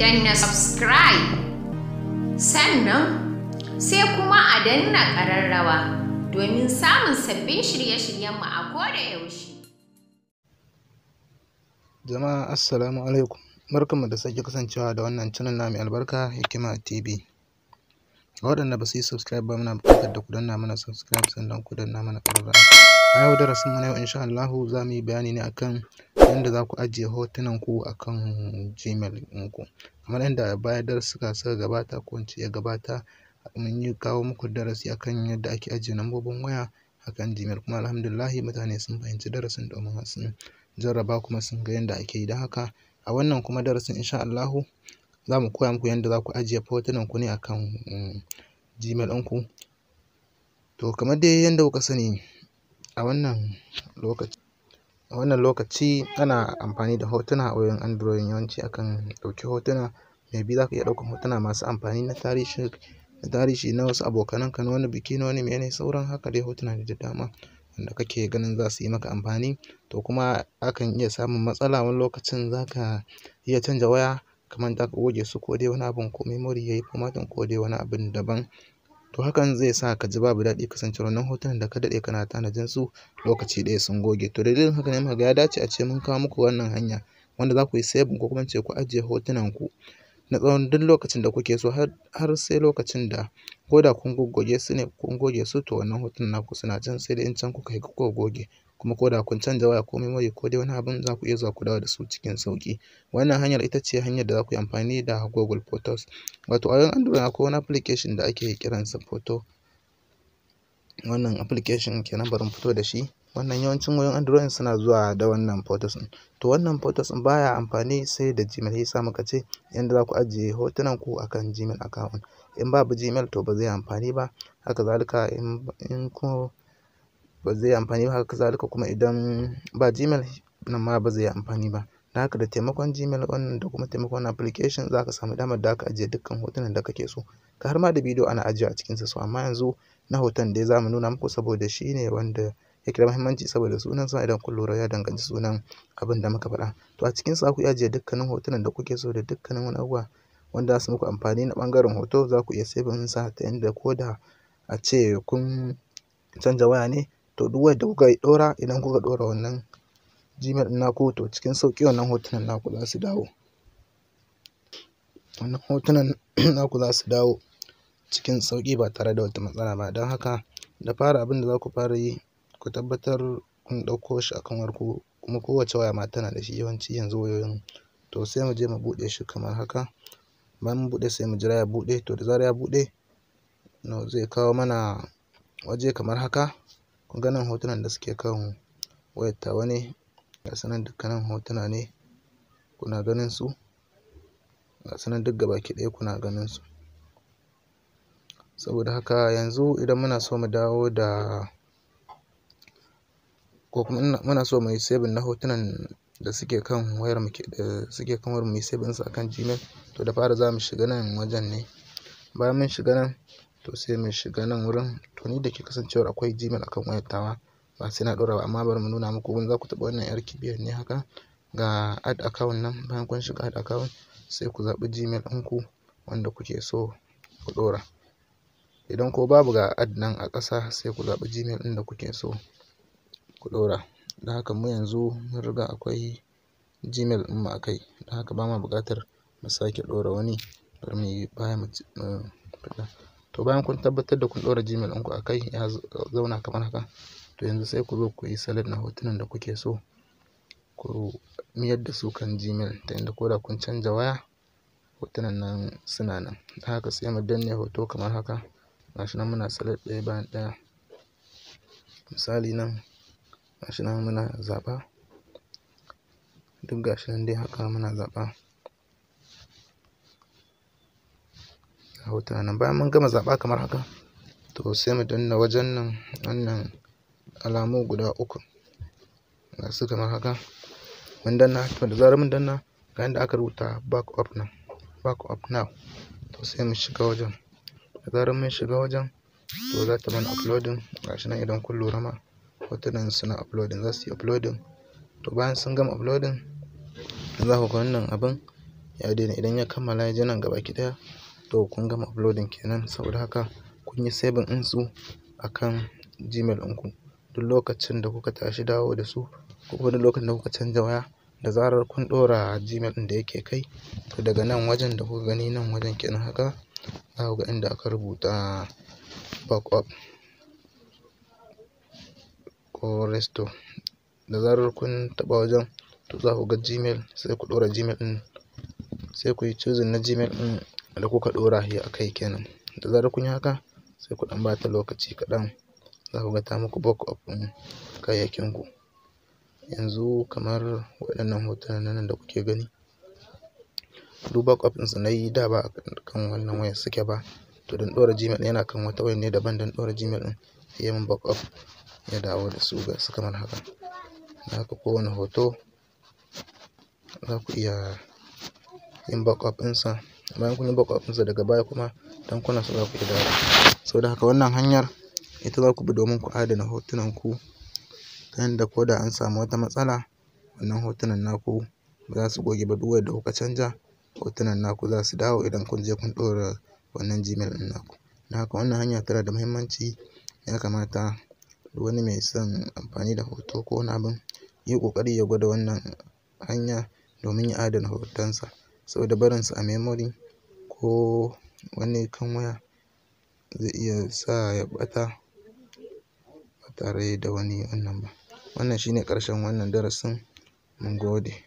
danna subscribe sannan sai kuma a danna ƙararrawa domin samun sabbin shirye-shiryenmu a koda yaushe. Jama'a Assalamu alaikum barkanmu da sake kasancewa da wannan channel na mai albarka Hikima TV. waɗanda ba su yi subscribe ba muna buƙatar da ku danna mana subscribe sannan ku danna mana ƙararrawa. A yau darasin mu na yau insha Allahu za mu yi bayani ne akan yanda za ku ajiye hotunan ku akan Gmail ɗinku kamar yadda baya darussuka suka gabata ko ce ya gabata mun yi kawo muku darasi akan yadda ake ajiye lambobin waya akan Gmail kuma alhamdulillahi mutane sun fahimci darasin domin sun jarraba kuma sun ga yadda ake yi don haka a wannan kuma darasin insha Allahu za mu koya muku yadda za ku ajiye hotunan ku ne akan mm, Gmail ɗinku to kamar dai yadda kuka sani a wannan lokaci A wannan lokaci ana amfani da hotuna a wayoyin Android yawanci akan ɗauki hotuna. bi za ka iya ɗaukan hotuna masu amfani na tarihi, na tarihi na wasu abokananka, na wani biki, na wani mene sauran haka dai hotuna da dama wanda kake ganin za su yi maka amfani. To kuma akan iya samun matsala wani lokacin za ka iya canja waya kamar manta ka goge su ko dai wani abun ko memory yayi formatting ko dai wani abun daban. to hakan zai sa ka ji babu daɗi kasance wannan hotunan da ka daɗe kana tanajin su lokaci ɗaya sun goge to dalilin haka ne muka ga ya dace a ce mun kawo muku wannan hanya wanda za ku yi saving ko kuma ce ku ajiye hotunan ku na tsawon duk lokacin da kuke so har sai lokacin da ko da kun goggoge su ne kun goge su to wannan hotunan naku suna can sai da in can kuka yi kuka goge kuma ko da kun canza waya ko memory ko dai wani abin za ku iya zuwa ku dawo da su cikin sauƙi wannan hanyar ita ce hanyar da za ku yi amfani da google photos wato a android akwai wani application da ake kiransa photo wannan application kenan bari mu fito da shi wannan yawancin wayoyin android suna zuwa da wannan photos din to wannan photos din baya amfani sai da gmail yasa muka ce yanda za ku ajiye hotunan ku akan gmail account in babu gmail to ba zai amfani ba haka zalika in kuma ba zai amfani ba haka zalika kuma idan ba Gmail nan ma ba zai amfani ba don haka da taimakon Gmail wannan da kuma taimakon application za ka samu damar da ka ajiye dukkan hotunan da kake so ka har ma da bidiyo ana ajiye a cikinsa so amma yanzu na hoton dai za mu nuna muku saboda shi ne wanda yake da muhimmanci saboda sunan sa idan kun lura ya danganci sunan abin da muka faɗa to a cikin sa ku ajiye dukkanin hotunan da kuke so da dukkanin wani abubuwa wanda za su muku amfani na ɓangaren hoto za ku iya saving sa ta yanda ko da a ce kun canza waya ne to duk wanda kuka yi ɗora idan kuka ɗora wannan gmail ɗin naku to cikin sauƙi wannan hotunan naku za su dawo wannan hotunan naku za su dawo cikin sauƙi ba tare da wata matsala ba don haka da fara abin da za ku fara yi ku tabbatar kun ɗauko shi a kan warku kuma kowace waya ma tana da shi yawanci yanzu wayoyin to sai mu je mu buɗe shi kamar haka bayan mun buɗe sai mu jira ya buɗe to da zarar ya buɗe zai kawo mana waje kamar haka ganin hotunan da suke kan wayar tawa ne ga su nan dukkanin hotuna ne kuna ganin su ga su nan duk gabaki ɗaya kuna ganin su saboda haka yanzu idan muna so mu dawo da ko kuma muna so mu yi saving na hotunan da suke kan wayar mu suke kan wayar mu yi saving su akan Gmail to da fari za mu shiga nan wajen ne bayan mun shiga nan to sai mu shiga nan wurin to ni da ke kasancewar akwai gmail akan wayar tawa ba sai na ɗora ba amma bari mu nuna muku wani za ku taɓa wannan yar kibiyar ne haka ga ad account nan bayan kun shiga ad account sai ku zaɓi gmail ɗinku wanda kuke so ku ɗora idan ko babu ga ad nan a ƙasa sai ku zaɓi gmail ɗin da kuke so ku ɗora don haka mu yanzu mun riga akwai gmail ɗin mu a kai don haka ba ma buƙatar mu sake ɗora wani bari mu yi baya mu fita to bayan kun tabbatar da kun ɗora gmail ɗinku a kai ya zauna kamar haka to yanzu sai ku zo ku yi salad na hotunan da kuke so ku miyar da su kan gmail ta inda ko da kun canja waya hotunan nan suna nan ta haka sai mu danne hoto kamar haka gashi nan muna salad ɗaya bayan ɗaya misali nan gashi nan muna zaɓa duk gashi nan dai haka muna zaɓa ga hotunan nan bayan mun gama zaɓa kamar haka to sai mu danna wajen nan wannan alamu guda uku ga su kamar haka mun danna to da zarar mun danna ga yadda aka rubuta back up nan back up now to sai mu shiga wajen da zarar mun shiga wajen to za ta mana uploading gashi nan idan kun lura ma hotunan suna uploading za su yi uploading to bayan sun gama uploading za ku ga wannan abin ya daina idan ya kammala ya je nan gabaki ɗaya to kun gama uploading kenan saboda haka kun yi saving ɗin su akan gmail ɗin ku duk lokacin da kuka tashi dawo da su ko kuma duk lokacin da kuka canza waya da zarar kun ɗora gmail ɗin da yake kai to daga nan wajen da kuka gani nan wajen kenan haka za ku ga inda aka rubuta backup ko resto da zarar kun taɓa wajen to za ku ga gmail sai ku ɗora gmail ɗin sai ku yi choosing na gmail ɗin da kuka ɗora shi a kai kenan da zarar kun yi haka sai ku ɗan bata lokaci kaɗan za ku ga ta muku bok up ɗin kayayyakin ku yanzu kamar waɗannan hotunan nan da kuke gani duk bok up ɗinsu na yi da ba a kan wannan wayar suke ba to don ɗora gmail yana kan wata wayar ne daban don ɗora gmail ɗin ya min bulk up ya dawo da su ga su kamar haka da haka kowane hoto za ku iya yin bulk up ɗinsa bayan kun yi backup daga baya kuma tankunan su za ku iya dawo sau da haka wannan hanyar ita za ku bi domin ku adana hotunan ku ta yanda ko da an samu wata matsala wannan hotunan naku ba za su goge ba duk wanda kuka canja hotunan naku za su dawo idan kun je kun ɗora wannan gmail ɗin naku don haka wannan hanya tana da muhimmanci ya kamata wani mai son amfani da hoto ko wani abin yi ƙoƙari ya gwada wannan hanya domin ya adana hotonsa saboda barinsa a memory ko wani kan waya zai iya sa ya ɓata ba tare da wani wannan ba. Wannan shine ƙarshen wannan darasin mun gode.